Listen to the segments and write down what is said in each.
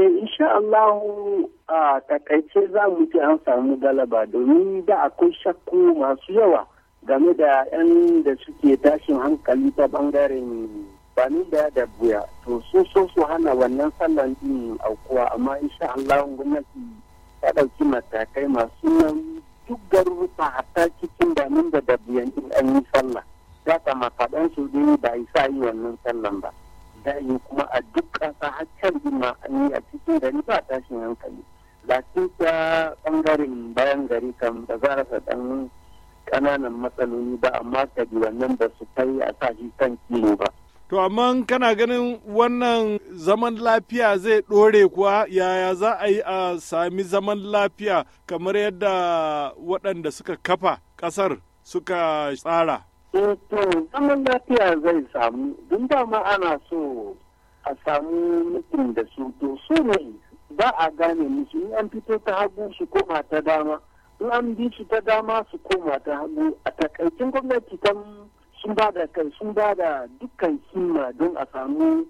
Eh, insha Allah a takaice za mu ce an samu galaba domin da akwai shakku masu yawa game da 'yan da suke tashin hankali ta bangaren bani da da buya to su so su hana wannan sallan din aukuwa amma insha Allah gwamnati ta ɗauki matakai masu nan duk garuruka hatta cikin damin da da buyan din an yi sallah ya kama faɗan ba dai ba isa yi wannan sallan ba. dayi kuma a duk ƙasa har can ma an yi a cikin gari ba tashin hankali lakin ta ɓangaren bayan gari kan ba za a ɗan ƙananan matsaloli ba amma wannan ba su kai a sashi kan kilo ba To amma kana ganin wannan zaman lafiya zai ɗore kuwa yaya za a yi a sami zaman lafiya kamar yadda waɗanda suka kafa ƙasar suka tsara? Eh, to zaman lafiya zai samu, dun ma ana so a samu mutum da su to su ne ba a gane musu in an fito ta hagu su koma ta dama in an bi su ta dama su koma ta hagu a takaicin gwamnati sun ba da kai sun ba da dukkan himma don a samu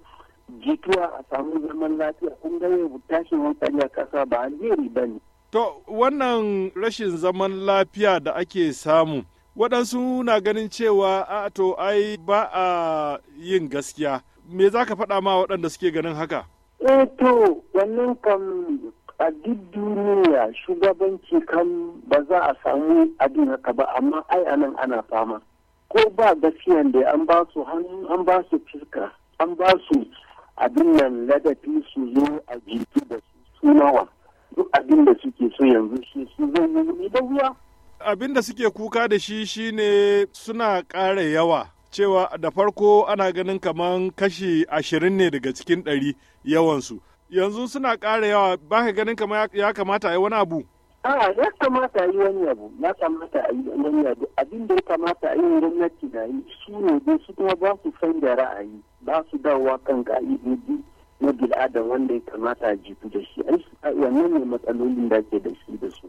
jituwa a samu zaman lafiya kun ga yau tashin wani kasa ba alheri ba ne. To wannan rashin zaman lafiya da ake samu waɗansu na ganin cewa a to ai ba a yin gaskiya me za ka faɗa ma waɗanda suke ganin haka? Eh to wannan kam a duk duniya shugabanci kan ba za a samu abin haka ba amma ai anan ana fama ko ba gaskiyan da an ba su hannu an ba su fiska an ba su abin nan ladafi su zo a jiki da su sunawa duk abin da suke so yanzu shi su zo yi da wuya abin da suke kuka da shi shine suna ƙara yawa cewa da farko ana ganin kaman kashi ashirin ne daga cikin ɗari yawansu yanzu suna ƙara yawa ba ka ganin kamar ya kamata a yi wani abu A'a ya kamata a yi wani abu, ya kamata a yi wani abu, abin da ya kamata a yi gwamnati na yi Su ne dai su kuma ba su san da ra'ayi, ba su dawowa kan ka'idoji na bil'adam wanda ya kamata a jitu da shi, ai wannan ne matsalolin da ke da shi da su.